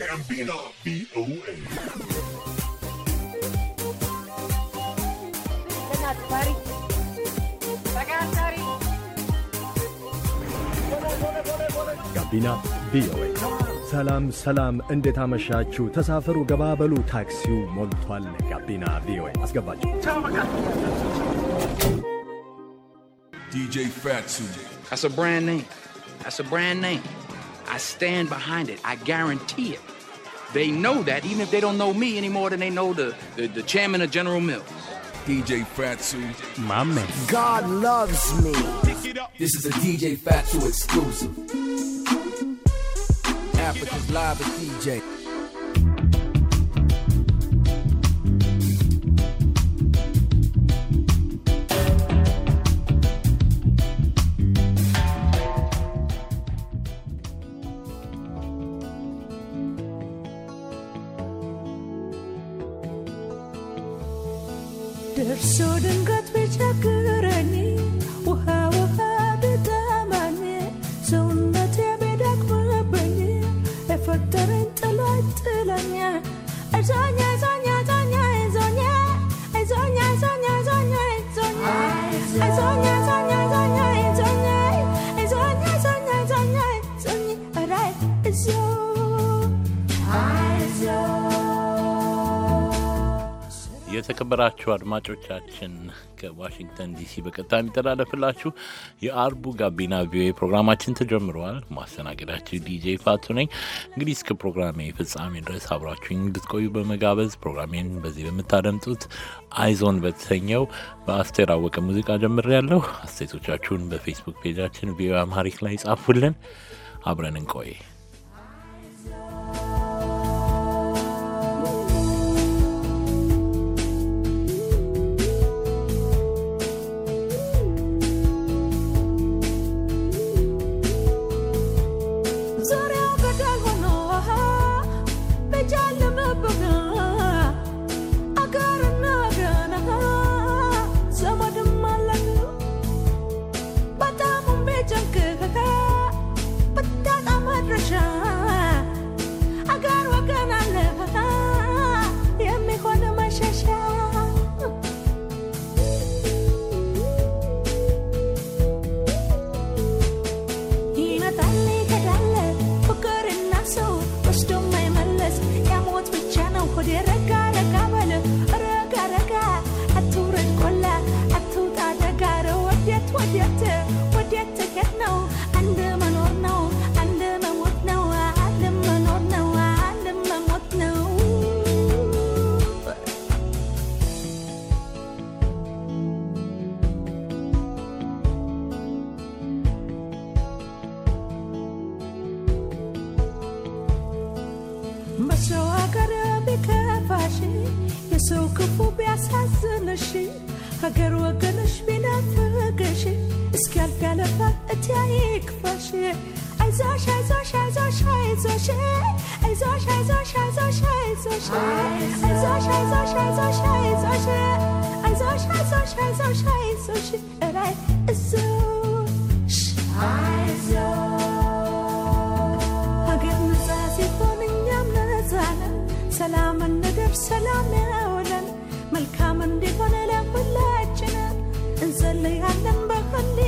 ጋቢና ቪኦኤ ጋቢና ቪኦኤ። ሰላም ሰላም፣ እንዴት አመሻችሁ? ተሳፈሩ፣ ገባበሉ፣ ታክሲው ሞልቷል። ጋቢና ቪኦኤ አስገባችሁ። DJ Fatsu. That's a brand name. That's a brand name. I stand behind it. I guarantee it. They know that, even if they don't know me any more than they know the, the, the chairman of General Mills. DJ Fatsu, my man. God loves me. This is a DJ Fatsu exclusive. Africa's live with DJ. የተከበራችሁ አድማጮቻችን ከዋሽንግተን ዲሲ በቀጥታ የሚተላለፍላችሁ የአርቡ ጋቢና ቪኦኤ ፕሮግራማችን ተጀምረዋል። ማስተናገዳችሁ ዲጄ ፋቱ ነኝ። እንግዲህ እስከ ፕሮግራሜ ፍጻሜ ድረስ አብራችሁኝ እንድትቆዩ በመጋበዝ ፕሮግራሜን በዚህ በምታደምጡት አይዞን በተሰኘው በአስቴር አወቀ ሙዚቃ ጀምሬያለሁ። አስተያየቶቻችሁን በፌስቡክ ፔጃችን ቪኦኤ አማሪክ ላይ ጻፉልን። አብረን እንቆይ። ሰላም ያውለን፣ መልካም እንዲሆን ለሁላችን እንጸልያለን በሁሌ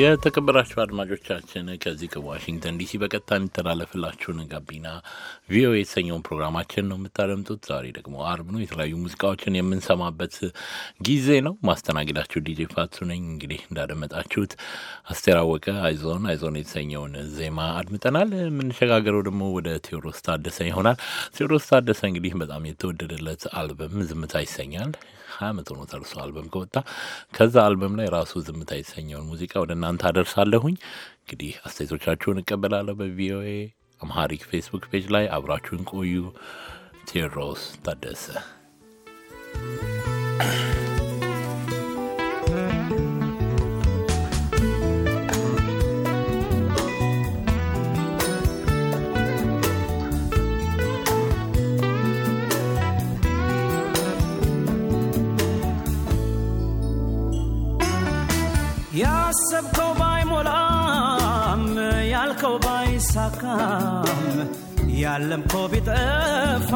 የተከበራችሁ አድማጮቻችን ከዚህ ከዋሽንግተን ዲሲ በቀጥታ የሚተላለፍላችሁን ጋቢና ቪኦኤ የተሰኘውን ፕሮግራማችን ነው የምታደምጡት። ዛሬ ደግሞ አርብ ነው፣ የተለያዩ ሙዚቃዎችን የምንሰማበት ጊዜ ነው። ማስተናገዳችሁ ዲጄ ፋቱ ነኝ። እንግዲህ እንዳደመጣችሁት አስቴር አወቀ አይዞን አይዞን የተሰኘውን ዜማ አድምጠናል። የምንሸጋገረው ደግሞ ወደ ቴዎድሮስ ታደሰ ይሆናል። ቴዎድሮስ ታደሰ እንግዲህ በጣም የተወደደለት አልበም ዝምታ ይሰኛል። ሀያ ዓመት ሆኖታል አልበም ከወጣ። ከዛ አልበም ላይ ራሱ ዝምታ የተሰኘውን ሙዚቃ ወደ እናንተ አደርሳለሁኝ። እንግዲህ አስተያየቶቻችሁን እቀበላለሁ በቪኦኤ አምሃሪክ ፌስቡክ ፔጅ ላይ አብራችሁን ቆዩ። ቴዎድሮስ ታደሰ ባይሳካም ቢጠፋ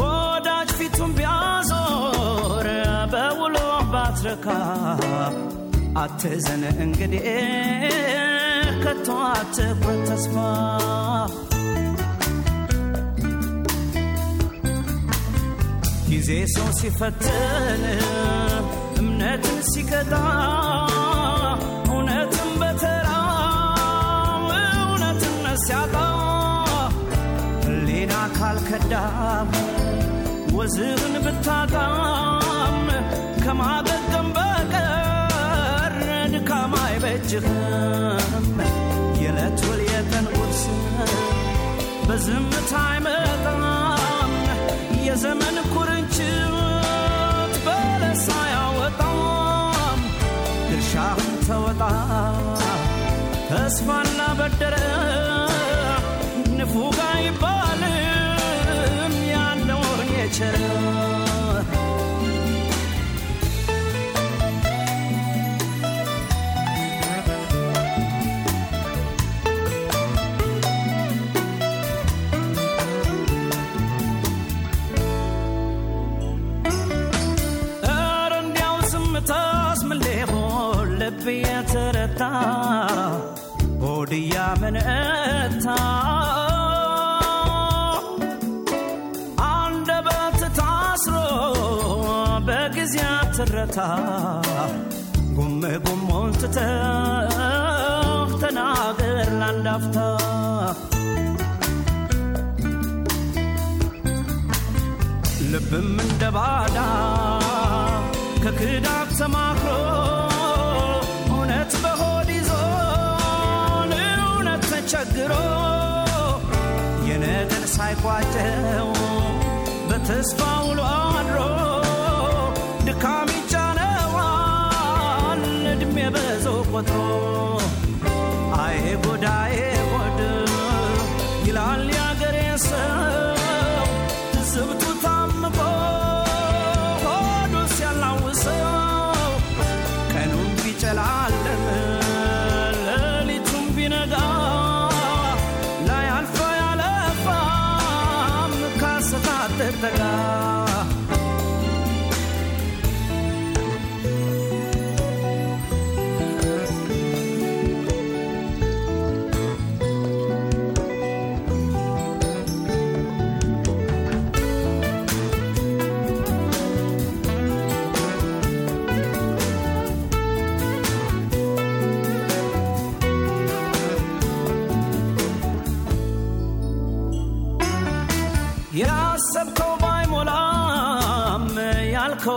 ወዳጅ ፊቱን ቢያዞር በውሎ ባትረካ አትዘን እንግዲህ ከቶ አትቁረጥ ተስፋ ጊዜ ሰው ሲፈትን እምነትን ሲቀጣ ሲያጣ ሌና ካልከዳም ወዝህን ብታጣም ከማገገም በቀር ድካም አይበጅህም። የዕለት ውል የቀን ቁርስ በዝምታ አይመጣም። የዘመን ኩርንችት በለሳ ያወጣም ድርሻህን ተወጣ ተስፋና በደረ ለምን እታ አንደበት ታስሮ በጊዜ ትረታ ጉም ጉሙን ትተህ ተናገር ላንዳፍታ ልብም እንደ ባዳ ከክዳት ተማክሮ ተቸግሮ የነገር ሳይቋጨው በተስፋ ውሎ አድሮ ድካም ይጫነዋል እድሜ በዞ ቆጥሮ አይ ጎዳዬ ጉድ ይላል ያገሬ ሰው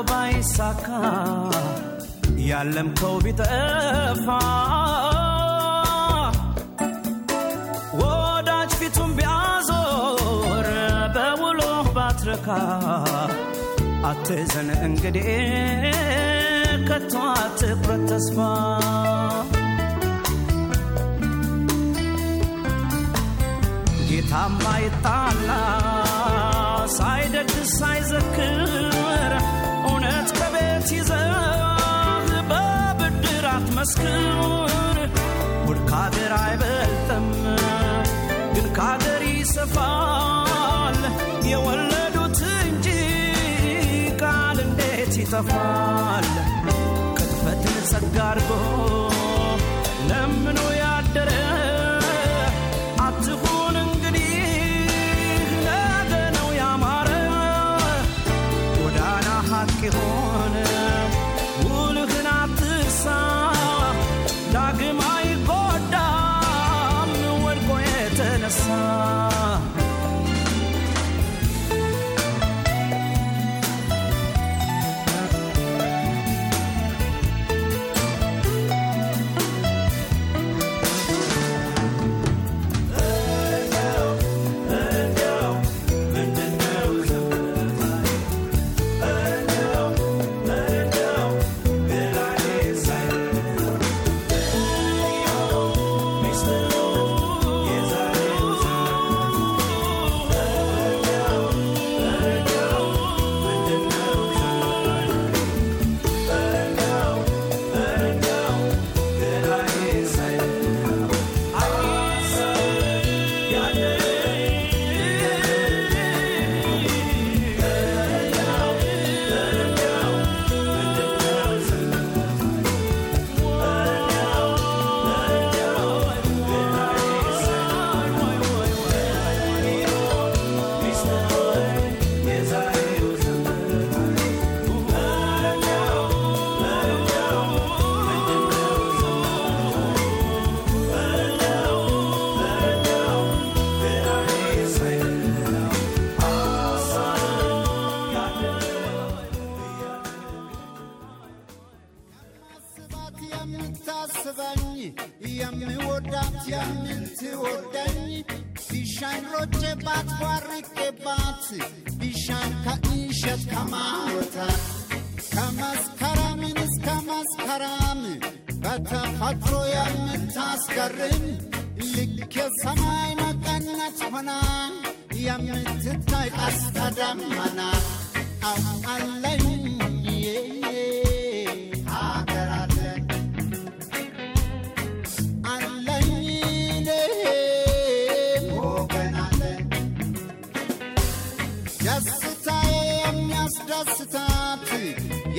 ባይሳካ ያለምከው ቢጠፋ ወዳጅ ፊቱን ቢያዞር በውሎ ባትረካ አትዘን እንግዲህ ከቶ አትቁረጥ ተስፋ ጌታም ባይጣላ ሳይደግስ ሳይዘክር መሬት ይዘህ በብድር አትመስክር። ውድ አይበልጥም፣ ግን ከአገር ይሰፋል። የወለዱት እንጂ ቃል እንዴት ይጠፋል? ከትፈትን ጸጋ ለምኖ ያደረ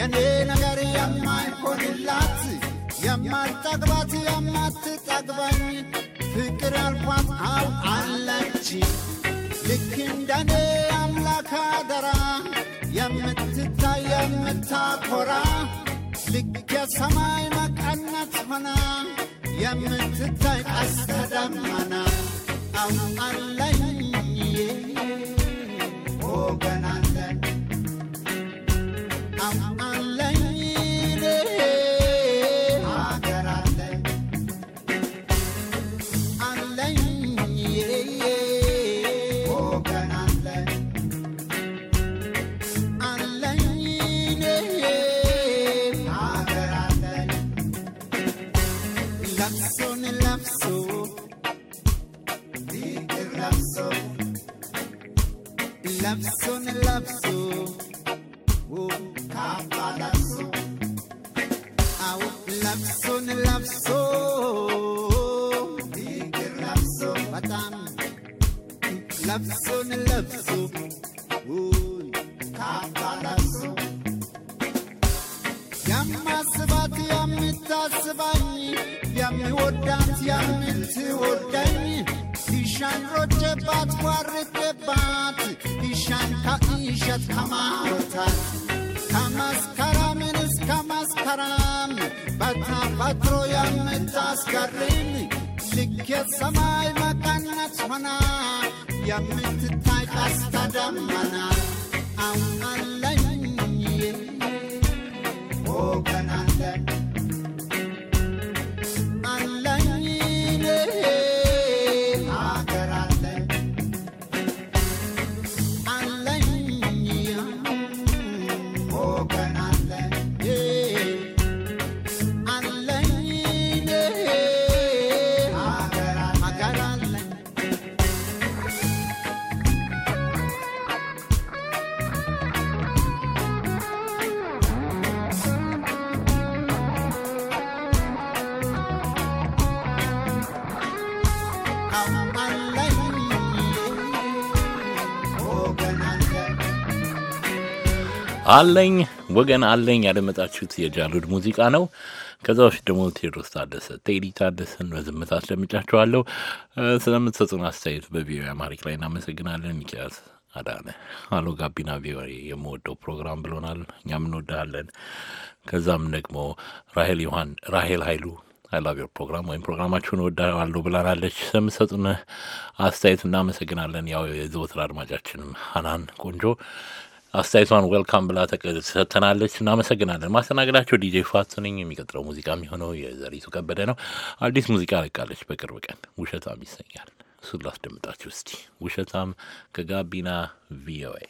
የኔ ነገር የማይሆንላት የማልጠግባት የማትጠግባኝ ፍቅር አልኳት አው አለች ልክ እንደኔ አምላክ አደራ የምትታይ የምታኮራ ልክ የሰማይ መቀነት ሆና የምትታይ ቀስተ አው አለኝ Gracias. አለኝ ወገን አለኝ ያደመጣችሁት የጃሉድ ሙዚቃ ነው። ከዛ በፊት ደግሞ ቴድሮስ ታደሰ ቴዲ ታደሰን በዝምታ አስደምጫችኋለሁ። ስለምትሰጡን አስተያየት በቪኦኤ አማሪክ ላይ እናመሰግናለን። ሚኪያስ አዳነ አሎ ጋቢና ቪኦኤ የምወደው ፕሮግራም ብሎናል። እኛም እንወዳለን። ከዛም ደግሞ ራሄል ዮሐን ራሄል ኃይሉ አይላቪር ፕሮግራም ወይም ፕሮግራማችሁን እወዳለሁ ብላናለች። ስለምትሰጡን አስተያየት እናመሰግናለን። ያው የዘወትር አድማጫችንም ሀናን ቆንጆ አስተያየቷን ዌልካም ብላ ተሰተናለች እናመሰግናለን። ማስተናገዳቸው ዲጄ ፋት ነኝ። የሚቀጥለው ሙዚቃ የሚሆነው የዘሪቱ ከበደ ነው። አዲስ ሙዚቃ ለቃለች በቅርብ ቀን ውሸታም ይሰኛል። እሱን ላስደምጣችሁ እስቲ። ውሸታም ከጋቢና ቪኦኤ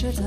Wish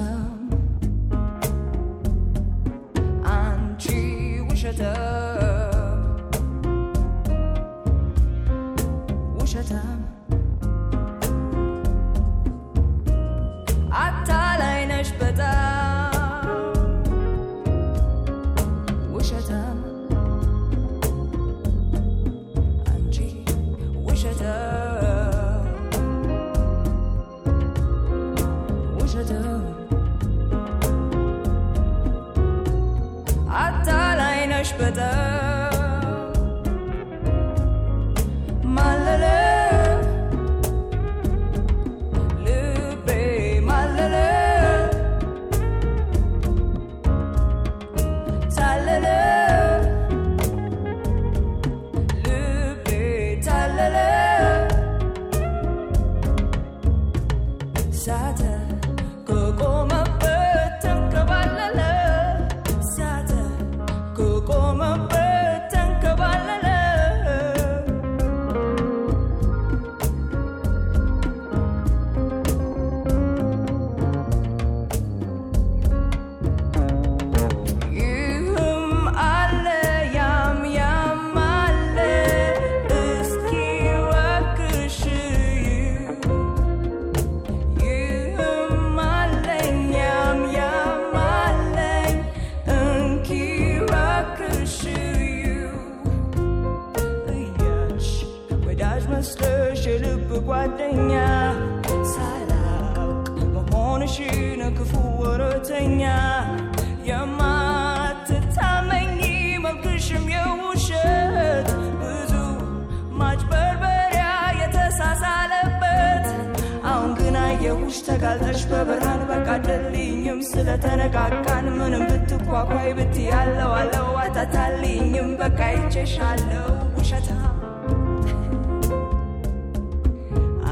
ተጋልጠሽ በብርሃን በቃደልኝም ስለተነቃቃን ምንም ብትኳኳይ ብትያለው አለው አታታልኝም በቃ ይቼሻለው ውሸታ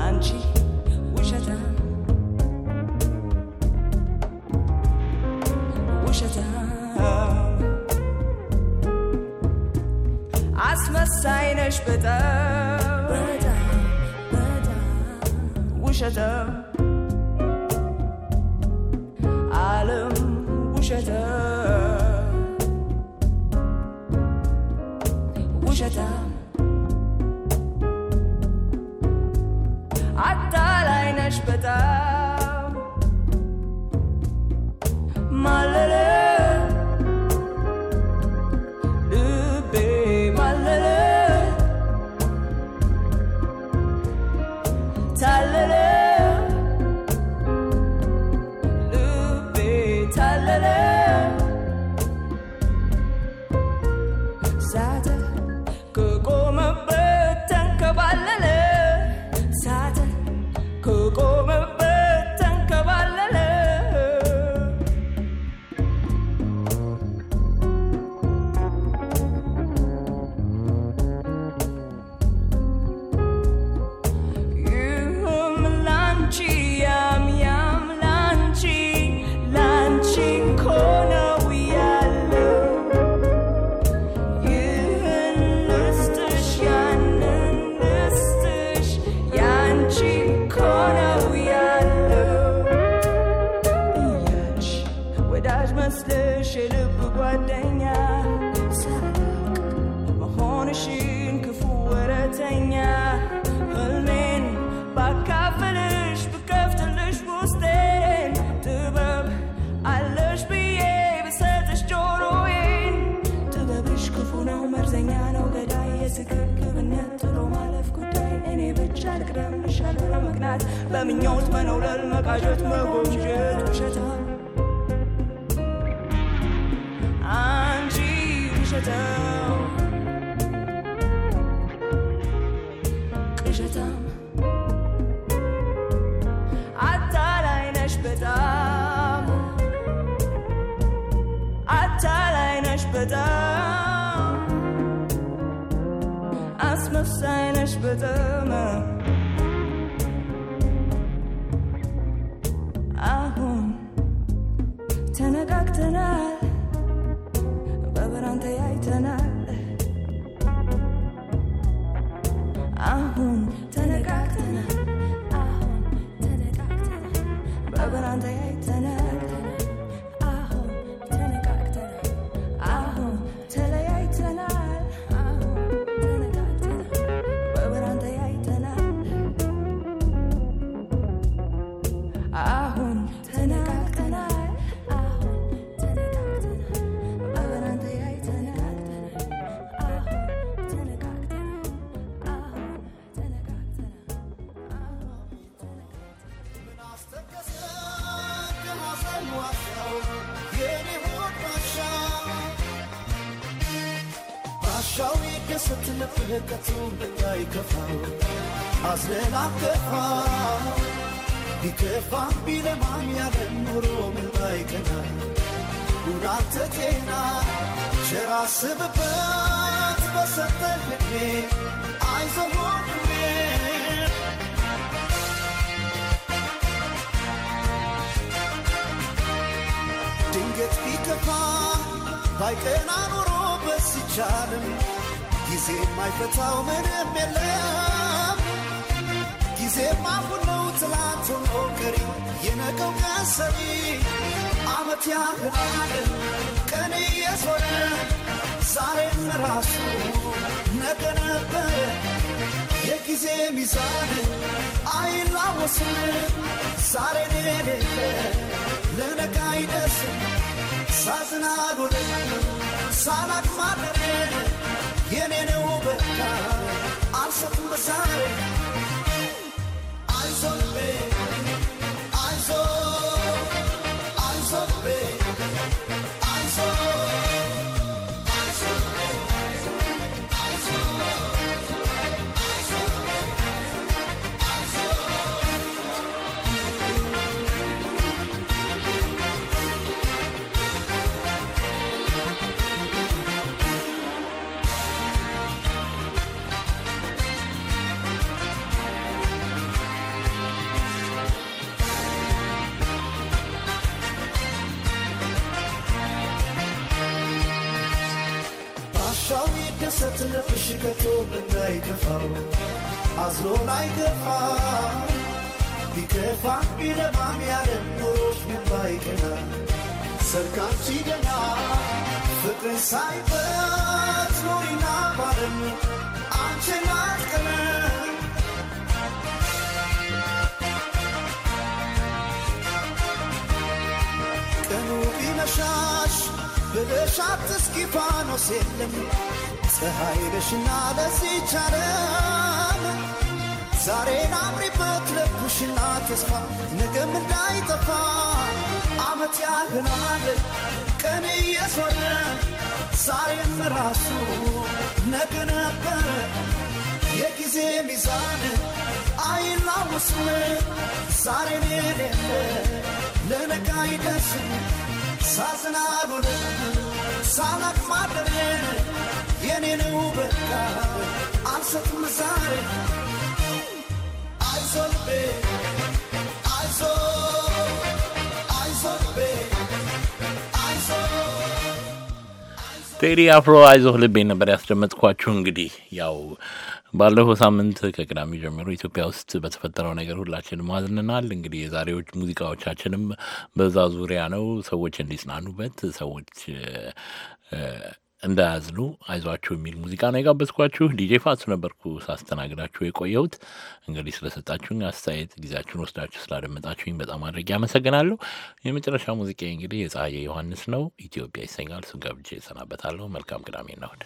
አንቺ ውሸታ ውሸታ አስመሳይነሽ በጣም ውሸታ شتان የፍቅርሽ የልብ ጓደኛ መሆንሽን ክፉ ወረተኛ ህልሜን ባካፍልሽ ብከፍትልሽ ውስጤን ጥበብ አለሽ ብዬ ብሰጥሽ ጆሮዬን ጥበብሽ ክፉ ነው መርዘኛ ነው ገዳይ የስግብ ግብነት ጥሎ ማለፍ ጉዳይ እኔ ብቻ ልቅደምሻል ብሎ መቅናት በምኞት መነውለል መቃዠት መጎምጀት ውሸታ meine Spätürme. ጋሻው ይገሰትልፍ ህቀቱ ለኛ ይከፋ አዝነን አከፋ ቢከፋ ቢለማም ያለን ኑሮ ምና ይቀና ጉዳተ ጤና ሸራ አስብበት በሰጠን ዕድሜ አይዞህ ወንድሜ ድንገት ቢከፋ ባይቀና ኑሮ አይቻልም። ጊዜ የማይፈታው ምንም የለም። ጊዜ ሁሉ ትላንት ሆኖ የነገው ቀሰሪ አመት ያህል ቀን እየዞረ ዛሬም ራሱ ነገ ነበር። የጊዜ ሚዛን አይላወስም። ዛሬ ሌሌ ለነገ አይደስ ሳላቅ ማደር የኔ ነው በቃ አልሰፍም አይዞን ከቶ እንዳይከፋው አዝሮን አይገፋ ቢከፋ ቢለማም ያለን ኖሮች ባይቀና ሰርካችን ገና ፍቅር ሳይበት ኖሪና ባለም አንቺን ቀኑ ቢመሻሽ ብለሽ አትስኪ የለም ፀሐይ ነሽና ለዚህ ዓለም ዛሬን አምሪበት ለኩሽና ተስፋ ነገም እንዳይጠፋ አመት ያህላል ቀን እየዞረ ዛሬም ራሱ ነገ ነበረ የጊዜ ሚዛን አይላውስም ዛሬን የሌለ ለነገ አይደርስም ሳዝናሉን ሳላቅማደር የኔ ነው አልሰጥም ዛሬ አይዞ አይዞ ቴዲ አፍሮ አይዞህ ልቤ ነበር ያስደመጥኳችሁ። እንግዲህ ያው ባለፈው ሳምንት ከቅዳሜ ጀምሮ ኢትዮጵያ ውስጥ በተፈጠረው ነገር ሁላችንም አዝንናል። እንግዲህ የዛሬዎች ሙዚቃዎቻችንም በዛ ዙሪያ ነው። ሰዎች እንዲጽናኑበት ሰዎች እንዳያዝሉ አይዟችሁ የሚል ሙዚቃ ነው የጋበዝኳችሁ። ዲጄ ፋሱ ነበርኩ ሳስተናግዳችሁ የቆየሁት። እንግዲህ ስለሰጣችሁኝ አስተያየት፣ ጊዜያችሁን ወስዳችሁ ስላደመጣችሁኝ በጣም አድርጌ አመሰግናለሁ። የመጨረሻ ሙዚቃ እንግዲህ የፀሐዬ ዮሐንስ ነው፣ ኢትዮጵያ ይሰኛል። እሱን ጋብዤ እሰናበታለሁ። መልካም ቅዳሜ እና እሑድ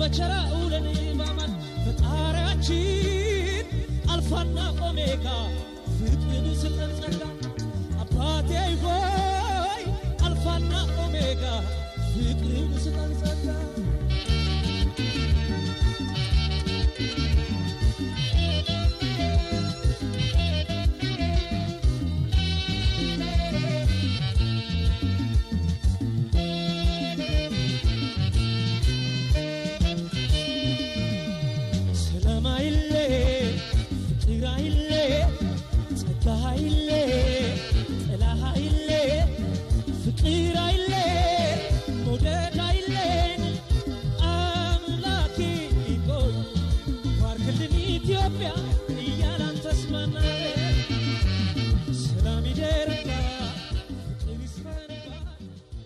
በቸራው ለኔ ማማን ፈጣሪያችን አልፋና ኦሜጋ ፍቅር ስጠን ጸጋ አባቴ ሆይ አልፋና ኦሜጋ ፍቅር ስጠን ጸጋ